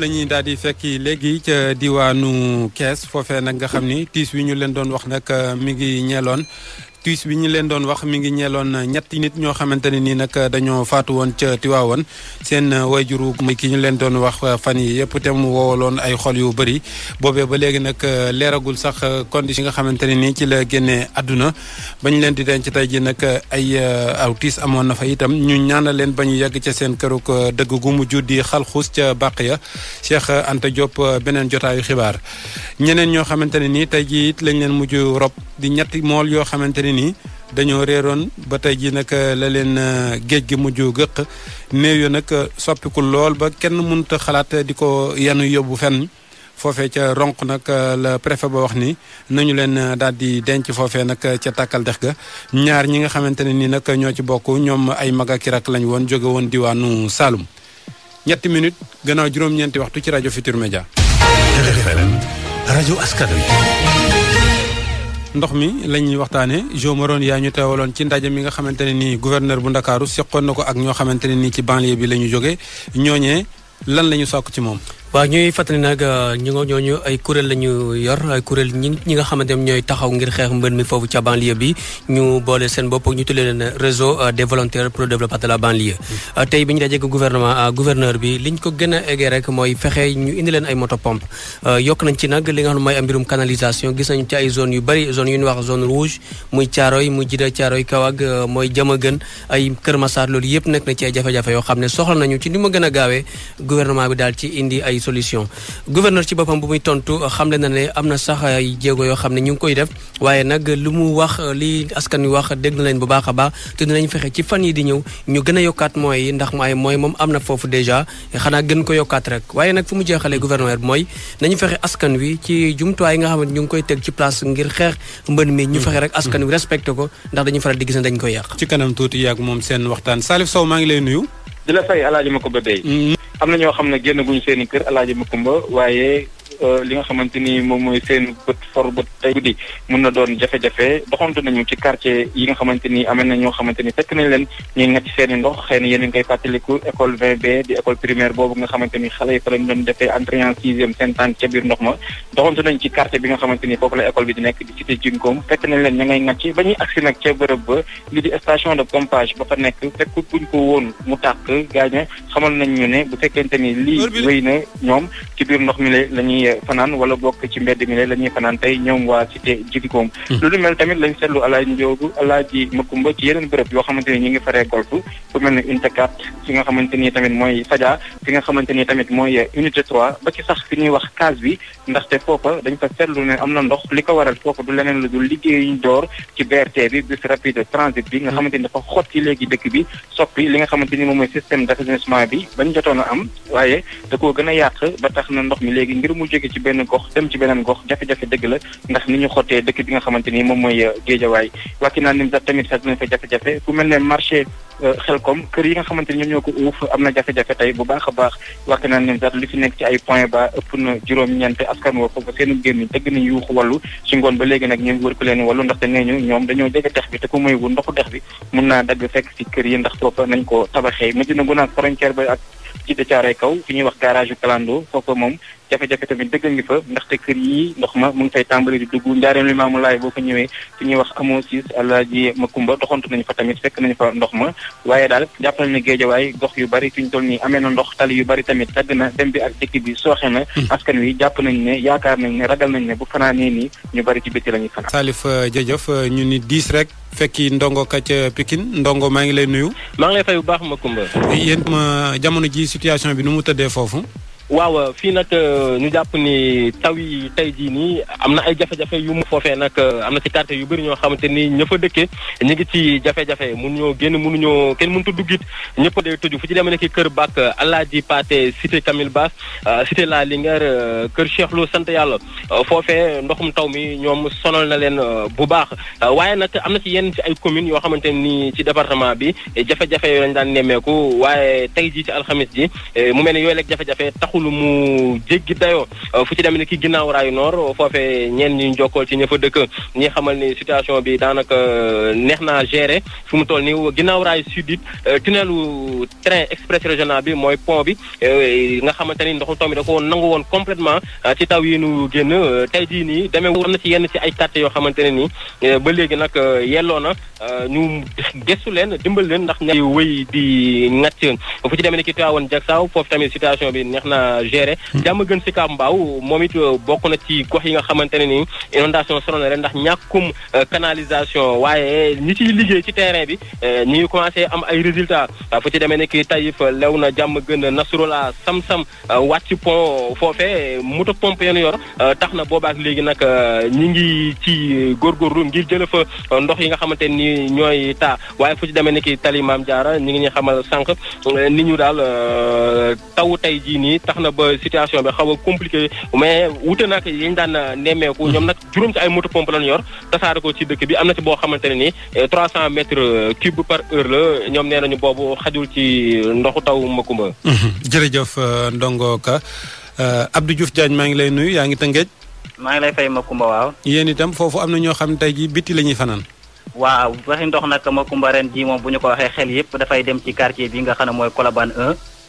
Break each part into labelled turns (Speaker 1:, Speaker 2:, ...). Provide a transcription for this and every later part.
Speaker 1: la ñuy daal di fekki léegi ca diwaanu Kees foofee nag nga xam ni tiis wi ñu leen doon wax nag euh, mi ngi ñeloon tiis bi ñu leen doon wax mi ngi ñeeloon ñetti nit ñoo xamante ne nii nag dañoo faatu woon ca Tiwaawan seen wayjuru mooy ki ñu leen doon wax fan yi yëpp te mu woowaloon ay xol yu bëri boobee ba léegi nag euh, leeragul sax euh, condition nga xamante ne nii ci la génne àdduna ba ñu leen di denc tey ji nag euh, ay aw tiis amoon na fa itam ñu ñaanal leen ba ñu yegg ca seen kërug dëgg gu mujj di xalxuus ca bàq ya Cheikh Anta Diop beneen jotaayu xibaar ñeneen ñoo xamante ne nii tey ji it ni ne dañoo reeroon ba tey ji nag euh, la leen euh, géej gi mujj gëq néew yo nag euh, soppiku lool ba kenn munta xalaat di ko yanu yóbbu fen foofe ca ronk nag la préfet ba wax ni nañu leen daal di denc foofe nag ca takkal dex ga ñaar ñi nga xamante ne nii nag ñoo ci bokk ñoom ay mag ak rak woon jóge woon diwaanu Saloum ñetti minute gannaaw juróom-ñeenti waxtu ci rajo Futur Média. askan wi ndox mi la ñuy waxtaanee Jo Maron yaa ñu teewaloon ci ndaje mi nga xamante ne nii bu Ndakaaru seqoon na ko ak ñoo xamante ne nii ci banlieue bi la ñu jógee ñooñee lan la ñu sàkk ci moom.
Speaker 2: waaw ñuy fàttali nag euh, ñu nga ñooñu ay kuréel la ñu yor ay kuréel ñi ñi nga xamante ne ñooy taxaw ngir xeex mbën mi foofu ca banlieue bi ñu boole seen bopp ñu tuddee leen réseau euh, des volontaires pour le développement de la banlieue. Euh, tey bi ñu dajee gouvernement gouverneur bi liñ ko gën a eggee rek mooy fexe ñu indi leen ay moto pompe yokk nañ ci nag li nga xam ne mooy mbirum canalisation gis nañ ci ay zone yu bëri zone yu ñuy wax zone rouge muy Thiaroy muy Jida Thiaroy Kawag mooy Diamaguène ay Kër Massar loolu yëpp nekk na ci ay jafe xam ne soxla nañu ci ni ma gën a gaawee gouvernement bi daal ci indi ay ay solution gouverneur ci boppam bu muy tontu xamle na ne am na sax ay jéego yoo xam ne ñu ngi koy def waaye nag lu mu wax li askan wi wax dégg na bu baax a baax te fexe ci fan yi di ñëw ñu gën a yokkaat mooy ndax mu mooy moom am na foofu déjà xanaa gën ko yokkaat rek waaye nag fu mu jeexalee gouverneur mooy nañu fexe askan wi ci jumtuwaay yi xam xamante ñu ngi koy teg ci place ngir xeex mbën mi ñu fexe rek askan wi respecté ko ndax dañu faral di gis ne dañ koy yàq
Speaker 1: ci kanam tuuti yàgg moom seen waxtaan Salif Sow maa ngi lay nuyu di la fay alaaji ma ko bébé
Speaker 3: am na ñoo xam ne génn guñu kër i kër alaaji Makumba waaye Euh, li nga xamante ni moom mooy seen bët for bët tey guddi mun na doon jafe-jafe doxantu nañu ci quartier yi nga xamante ni amee na ñoo xamante ni fekk nañ leen na yéen a ngi ni xale yi fa lañ doon defee entrée en sixième seen tànk ca biir ndox ma doxantu nañ ci quartier bi ni foofu la école bi di nekk di cité Junkoom fekk nañ leen ña ngay ngacc ba ñuy agsi lii wéy na ñoom ci biir ndox mi la ñuy fanaan wala bokk ci mbedd mi ne la ñuy fanaan tey ñoom waa cité Djidigoom hmm. lu lu mel tamit lañ seetlu alaaji Njoogu alaaji Makumba ci yeneen bërëb yoo xamante ni ñu ngi faree golf fu mel ne unité fi nga xamante tamit mooy Sadia fi nga xamante tamit mooy unité 3 ba ci sax fi ñuy wax case bi ndaxte foofa dañ fa seetlu ne am na ndox li ko waral foofa du leneen lu dul liggéey ñu door ci BRT bi bus rapide transit bi nga xamante ni dafa xotti dëkk bi soppi li nga xamante ni moom mooy système d'assainissement bi bañ jotoon a am waaye a jóge ci benn gox dem ci beneen gox jafe-jafe dëgg la ndax ni ñu xottee dëkk bi nga xamante ni moom mooy euh, géejawaay wàkki naa ni tamit sax dina fa jafe-jafe fu mel ne marché euh, xelkom kër yi nga xamante ni ñoo ko uuf am tey bu baax a baax wàkk naa ne sax li fi nekk ci ay point ba ëpp na juróom-ñeent askan woo foofu seen génn dëgg nañ yuuxu wallu ci ngoon ba léegi nag ñu wër ko leen wallu ndaxte nee ñu ñoom dañoo jege dex bi te ku muy wu ndoxu dex bi mun naa dagg fekk si kër yi ndax foofa nañ ko tabaxee mujj na gunaas frontière ba ak jiite caaray kaw fi ñuy wax garage Kalando foofa moom jafe-jafe tamit dëgg ngi fa ndaxte kër yi ndox ma mu ngi fay tàmbali di dugg njaareem li maamu laay boo fa ñëwee fi ñuy wax amoo siis alaaji Makumba doxantu nañu fa tamit fekk nañu fa ndox ma waaye daal jàpp nañu ne géejawaay gox yu bari fi ñu toll nii amee na ndox tali yu bari tamit tagg na dem bi ak dëkk bi sooxe na hmm. askan wi jàpp nañu ne yaakaar nañu ne ragal nañu ne bu fanaanee
Speaker 1: nii ñu bari fekki ndongo ka ca Pikine ndongo maa ngi lay nuyu. maa ngi lay fay bu baax ma Kumba. yéen ma jamono ji situation bi nu mu tëddee foofu.
Speaker 4: waaw euh, fii nag euh, ñu jàpp ni taw yi tey jii nii am na ay jafe-jafe yu mu foofee nag euh, am na ci quartier yu bëri ñoo xamante nii ña fa dëkkee ñu ngi ci jafe-jafe mënuñoo génn mënuñoo kenn mënut dugg ñëpp day tëju fu ci demee nekk kër Bak Alaaji Paate cité Camille Bass cité La Linguère kër Cheikh Lo sant yàlla foofee ndoxum taw mi ñoom sonol na leen bu baax waaye nag am na ci yenn ci ay communes yoo xamante nii ci département bi jafe-jafe yooyu lañ daan nemmeeku waaye tey jii ci alxamis ji mu mel ne yooyu rek jafe-jafe taxu lu mu jéggi dayoo euh, fu ci demee ni ki ginnaaw raayu noor foofee ñeen ñi jokkool ci ña fa dëkk ñi xamal ni situation bi daanaka euh, neex naa gérer fu mu toll ni ginnaaw raayu sud it euh, tunnelu train express régional bi mooy pont bi nga xamante ni ndoxu taw mi da ko nangu woon complètement ci taw yi nu génn tey jii nii demee woon na ci yenn ci ay quartier yoo xamante ne nii ba léegi nag yelloo na ñu gestu leen dimbal leen ndax ñay wëy di ŋàcc fu ci demee ni ki Tivaouane gérer hmm. jàmm gën si kaab mbaaw moom it euh, bokk na ci gox yi nga xamante ne ni inondation sonal na ren ndax ñàkkum euh, canalisation waaye ñi ciy liggéey ci terrain bi euh, ñu ngi commencé am ay résultats fu ci demee ne ki Taïf lew na jàmm gën Nasrola Sam-Sam ci pont foofe moto pompe yenu yor tax na boobaak léegi nag ñi ngi ci góorgóorlu ngir jële fa ndox yi nga xamante ni ñooy taa waaye fu ci demee ne ki tali Maam Jaara ñi ngi ñu xamal sànq ni ñu daal taw tey jii nii tax na ba situation bi xaw a compliqué mais wute nag yi ñu daan euh, nemmeeku mm-hmm. ñoom nag juróom ci ay moto pompe lañu yor tasaare ko ci dëkk bi am na ci boo xamante ne ni euh, trois cent mètres euh, cube par heure la ñoom nee nañu boobu xajul ci ndoxu taw Makumba
Speaker 1: mm-hmm. jërëjëf Ndongo Ka Abdou Diouf maa ngi lay nuyu yaa ngi Tëngéej maa ngi lay fay Makumba waaw yéen itam foofu am na ñoo xam tey ji bitti la ñuy fanaan
Speaker 5: waaw waxi ndox nag Makumba ren ji moom bu ñu ko waxee xel yëpp dafay dem ci quartier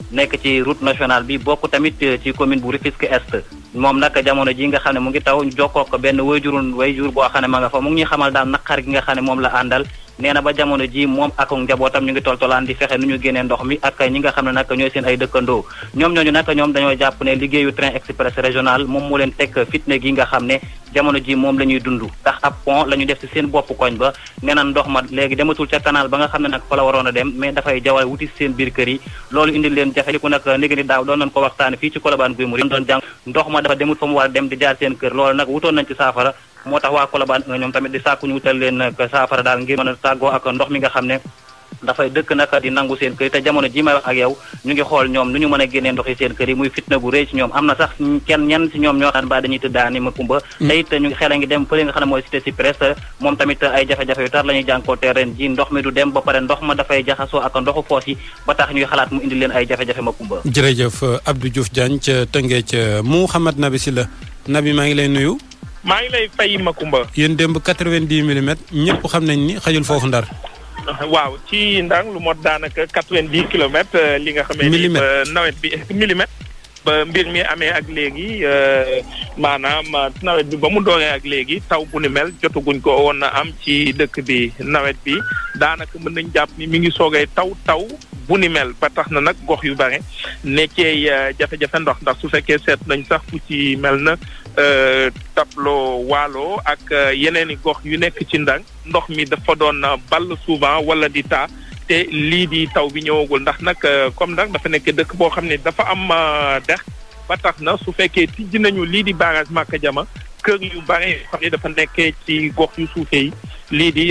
Speaker 5: nekk ci route nationale bi bokk tamit euh, ci commune bu Rufisque Est moom nag jamono ji nga xam ne mu ngi taw jokkoo ko benn wayjurun wayjur boo xam ne ma nga fa mu ngi xamal daal naqar gi nga xam ne moom la àndal nee na ba jamono ji moom ak njabootam ñu ngi toltolaan di fexe nu ñu génnee ndox mi ak ñi nga xam ne nag ñooy seen ay dëkkandoo ñoom ñooñu nag ñoom dañoo jàpp ne liggéeyu train express régional moom moo leen teg fitne gi nga xam ne jamono ji moom la ñuy dund ndax ab pont la ñu def ci seen bopp koñ ba nee na ndox ma léegi dematul ca canal ba nga xam ne nag fa la a dem mais dafay jawal wuti seen biir kër yi loolu indil leen jafe ku nag néegi ni daaw doon nañ ko waxtaane fii ci Colobane Guy Marius doon jàng ndox ma dafa demul fa war a dem di jaar seen kër loolu nag wutoon ci saafara moo tax waa Colobane ñoom tamit di sàkku wutal leen saafara daal ngir mën a sàggoo ak ndox mi ne dafay dëkk naka di nangu seen kër yi te jamono ji may wax ak yow ñu ngi xool ñoom nu ñu mën a génnee ndox yi seen kër yi muy fitna gu rëy ci ñoom am na sax kenn ñenn ci ñoom ñoo xam ba dañuy tëddaani ma kumba mm. a ngi ay jafe-jafe yu tar la ñuy jànkoonte ren ji ndox mi du dem ba pare ndox ma dafay jaxasoo ak ndoxu foos yi ba tax ñuy xalaat mu indi leen ay jafe-jafe ma kumba
Speaker 1: jërëjëf Abdou Diouf Diagne ca Tëngéej ca Nabi maa ngi lay nuyu maa ngi lay ma Makumba. yéen démb quatre-vingt-dix millimètres ñëpp xam nañ ni xajul foofu ndar.
Speaker 6: waaw ci Ndang lu mot daanaka quatre-vingt-dix kilomètres euh, li nga xamee ni euh, nawet bi millimètre ba mbir mi amee ak léegi euh, maanaam nawet bi ba mu dooree ak léegi taw bu ni mel jotaguñ ko woon na am ci dëkk bi nawet bi daanaka mën nañ jàpp ni mi ngi soogay taw taw bu ni mel ba tax na nag gox yu bare nekkee jafe-jafe ndox ndax su fekkee seet nañ sax fu ci mel na Euh, tableau waalo ak euh, yeneen i gox yu nekk ci ndang ndox mi dafa doon euh, ball souvent wala di taa te lii di taw bi ñëwagul ndax nag comme ndang dafa nekk dëkk boo xam ne dafa am dex ba tax na su fekkee tijji nañu lii di barrage Maka Jama kër yu bare yoo xam ne dafa nekkee ci gox yu suufee yi lii di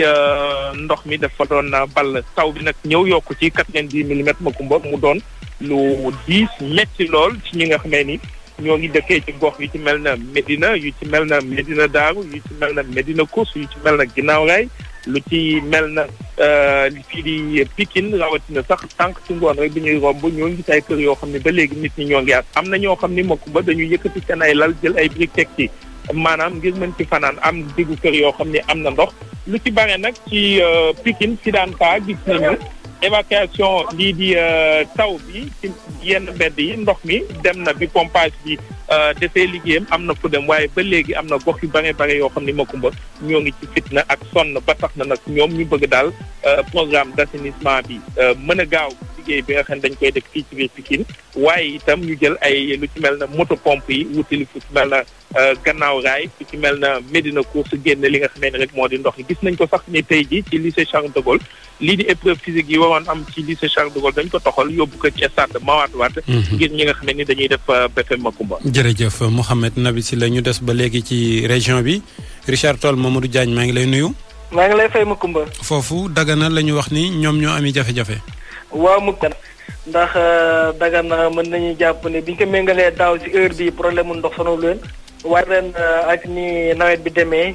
Speaker 6: ndox mi dafa doon ball taw bi nag ñëw yokk ci quatre-vingt-dix ma Macoumba mu doon lu diis metti lool ci ñi nga xamee ni ñoo ngi dëkkee ci gox yu ci mel na Medina yu ci mel na Medina Daaru yu ci mel na Medina Course yu ci mel na Ginnaaw Raay lu ci mel na euh, fii di Pikine rawatina sax tànk ci ngoon rek bi ñuy romb ñoo ngi say kër yoo xam ne ba léegi nit ñi ñoo ngi at am na ñoo xam ni mokk ba dañu yëkkati seen ay lal jël ay briques ci maanaam ngir mën ci fanaan am diggu kër yoo xam ne am na ndox lu ci bare nag ci euh, Pikine si daan kaa gis nañu évacuation lii di euh, taw bi ci yenn mbedd yi ndox mi dem na bi pompage bi euh, defee liggéeyam am na fu dem waaye ba léegi am na gox yu bare bare yoo xam ne ni Macoumba ñoo ngi ci fitna ak sonn ba tax na nag ñoom ñu bëgg daal euh, programme d'assainissement bi mën a gaaw liggéey bi nga xam ne dañ koy def fii ci biir Pikine waaye itam ñu jël ay lu ci mel na moto pompe yi wuti lu mel na euh, gannaaw raay lu ci mel na Médina course génn li nga xam ne rek moo di ndox yi gis nañ ko sax ni tey ji ci lycée Charles de Gaulle lii di épreuve physique yi waroon am ci lycée Charles de Gaulle dañ ko toxal yóbbu ko ci stade Mawade Wade mhm. ngir ñi nga xam ne dañuy def euh, BFM Macoumba
Speaker 1: jërëjëf Mouhamed Nabi si la ñu des ba léegi ci région bi Richard Toll Mamadou Diagne maa ngi lay nuyu
Speaker 7: maa ngi lay fay Macoumba
Speaker 1: la ñu wax ni ñoom ñoo ami jafe-jafe
Speaker 7: waaw mu kan ndax euh, Dagana mën nañu jàpp ne biñ ko méngalee daaw si heure bi problème mu ndox sonal leen war ren euh, ak ni nawet bi demee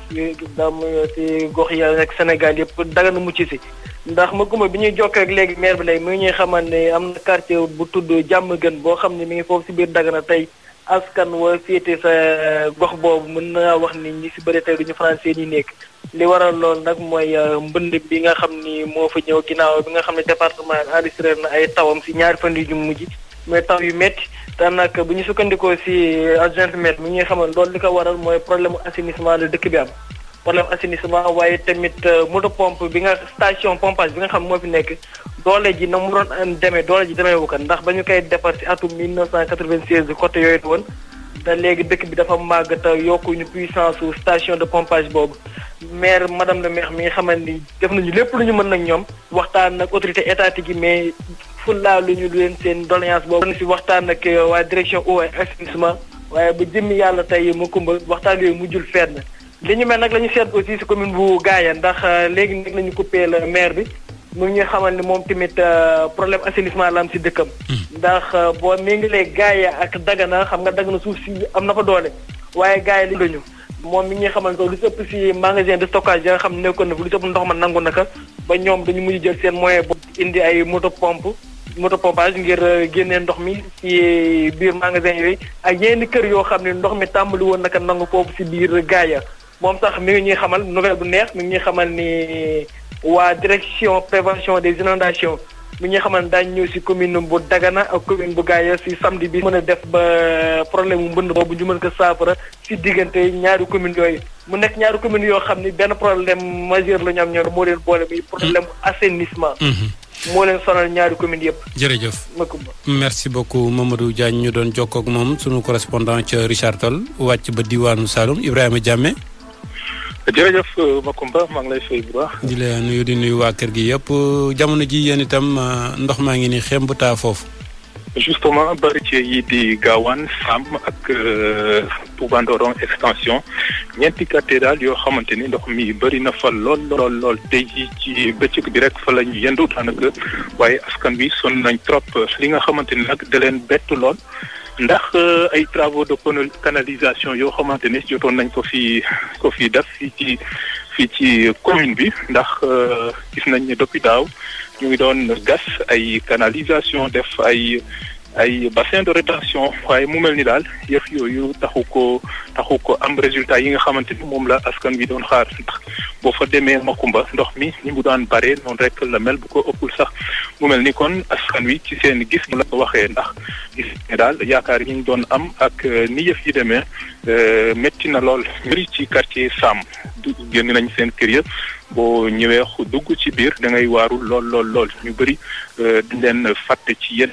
Speaker 7: daam si gox ya ak Sénégal yëpp Dagana mucc si ndax ma guma bi ñuy jokkee ak léegi maire bi lay mu ngi ñuy xamal ne am na quartier bu tudd jàmm gën boo xam ne mi ngi foofu si biir Dagana tey askan wa féete sa gox boobu mën naa wax ni ñi si bëri tey duñu faral seen i nekk li waral lool nag mooy euh, mbënd bi nga xam ni moo fa ñëw ginnaaw bi nga xam ne département bi enregistré na ay tawam si ñaari fan yu mujj mais taw yu métti daanaka bu ñu sukkandikoo si euh, adjoint maire mi ñuy xamal loolu li ko waral mooy problème assainissement la dëkk bi am. problème assainissement waaye tamit euh, moto pompe bi nga station pompage bi nga xam moo fi nekk doole ji na mu doon demee doole ji demee wu ko ndax ba ñu koy defar ci atum 1996 côté yooyu woon te léegi dëkk bi dafa màgg te yokkuñu puissance su station de pompage boobu maire madame le maire mi nga xamante ni def nañu lépp lu ñu mën nañ ñoom waxtaan nag autorité étatique yi mais fullaa lu ñu leen seen doléance boobu. si waxtaan ak euh, waa direction eau et waaye ba jëmmi yàlla tey mu kumba waxtaan yooyu mujjul fenn. li ñu mel nag lañu ñu seet aussi si commune bu Gaayeen ndax euh, léegi nag la ñu la le maire bi mu ngi xamal ni moom tamit euh, problème assainissement la am si dëkkam. Hmm. ndax euh, boo méngalee Gaaya ak Dagana xam nga Dagana suuf si am na fa doole waaye Gaaya li lañu moom mi ngi xamal ko lu si ëpp si magasin de stockage yi xam ne nekkoon ne fi lu si ndox ma nangu naka ba ñoom dañu mujj jël seen moyen boobu indi ay moto pompe moto pompage ngir génne ndox mi si biir magasin yooyu ak yenn kër yoo xam ne ndox mi tàmbali woon naka nangu foofu si biir Gaaya. moom sax mi ngi ñuy xamal novel bu neex mi ngi xamal ni waa direction prévention des inondations mi ngi xamal daañ ñëw si commune bu Dagana ak commune bu Gaaya si samedi bi mën a def ba problème mu mbënd boobu ñu mën ko saafara si diggante ñaari communes yooyu mu nekk ñaari commune yoo xam ni benn problème majeur la ñoom ñoom moo leen boole muy problème assainissement mhm. moo leen sonal ñaari communes yëpp. jërëjëf
Speaker 1: merci beaucoup Mamadou Diagne ñu doon jokkoo moom sunu correspondant ca Richard Toll wàcc ba diwaanu Saloum Ibrahima Diame.
Speaker 8: jërëjëf euh, Makumba maa ngi lay fay bu
Speaker 1: di la nuyu di nuyu waa kër gi yëpp jamono ji yéen itam euh, ndox maa ngi ni xem bu foofu.
Speaker 8: justement baritier yi di gaawaan Samb ak euh, Touba Ndorong extension ñeenti quartier daal yoo xamante ni ndox mi bëri na fa lool lool lool tey jii ci bëccëg bi rek fa la ñu yendu daanaka waaye askan wi sonn nañ trop li nga xamante ni nag da leen bett lool. ndax euh, ay travaux de canalisation yoo xamante ne jotoon nañ ko fi ko fi def fii ci fii ci commune bi ndax euh, gis nañ ne depuis daaw ñu ngi doon gas ay canalisation def ay ay bassin de rétention waaye mu mel ni daal yëf yooyu taxu ko taxu ko am résultat yi nga xamante ni moom la askan wi doon xaar ndax boo fa demee Makumba ndox mi ni mu daan bare noonu rek la mel bu ko ëppul sax mu mel ni kon askan wi ci seen gis mu la ko waxee ndax daal yaakaar yi ñu doon am ak euh, ni yëf yi demee euh, métti na lool mbiri ci quartier Sam du génn nañ seen kër ya boo ñëwee dugg ci biir dangay waarul lool lool lool ñu bëri euh, dañ leen fàtte ci yenn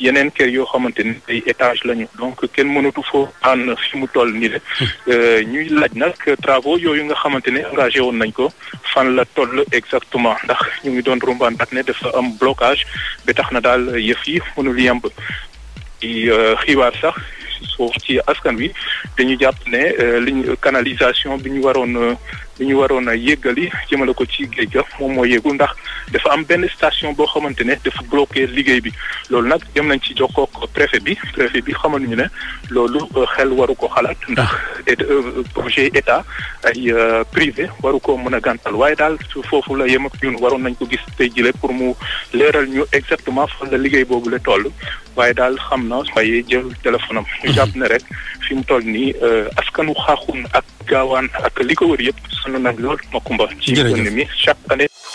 Speaker 8: yeneen kër yoo xamante ni ay étage lañu donc kenn mënatu foo ànd fi mu toll nii de hmm. euh, ñuy laaj nag travaux yooyu nga xamante ne engagé woon nañ ko fan la toll exactement ndax ñu ngi doon rumbaandaat ne defa am blocage ba tax na daal yëf yi mënul yemb i euh, xibaar sax foofu ci askan wi dañu jàpp ne euh, liñ canalisation bi ñu waroon lu ñu waroon a yëggali jëmale ko ci géej ga moom moo yëgul ndax dafa am benn station boo xamante ne dafa bloqué liggéey bi loolu nag dem nañ ci jokkoo ak préfet bi préfet bi xamal ñu ne loolu euh, xel waru ko xalaat ndax ah. euh, projet état ay euh, privé waru ko mën a gàntal waaye daal foofu la yem ak ñun waroon nañ ko gis tey jile pour mu leeral ñu exactement fan la liggéey boobu la toll waaye daal xam na waaye jël téléphone am ñu jàpp ne rek fi mu toll nii askanu xaaxun ak gaawaan ak li ko wër yëpp sonn nañ lool Makumba. jërëjëf ci mi chaque année.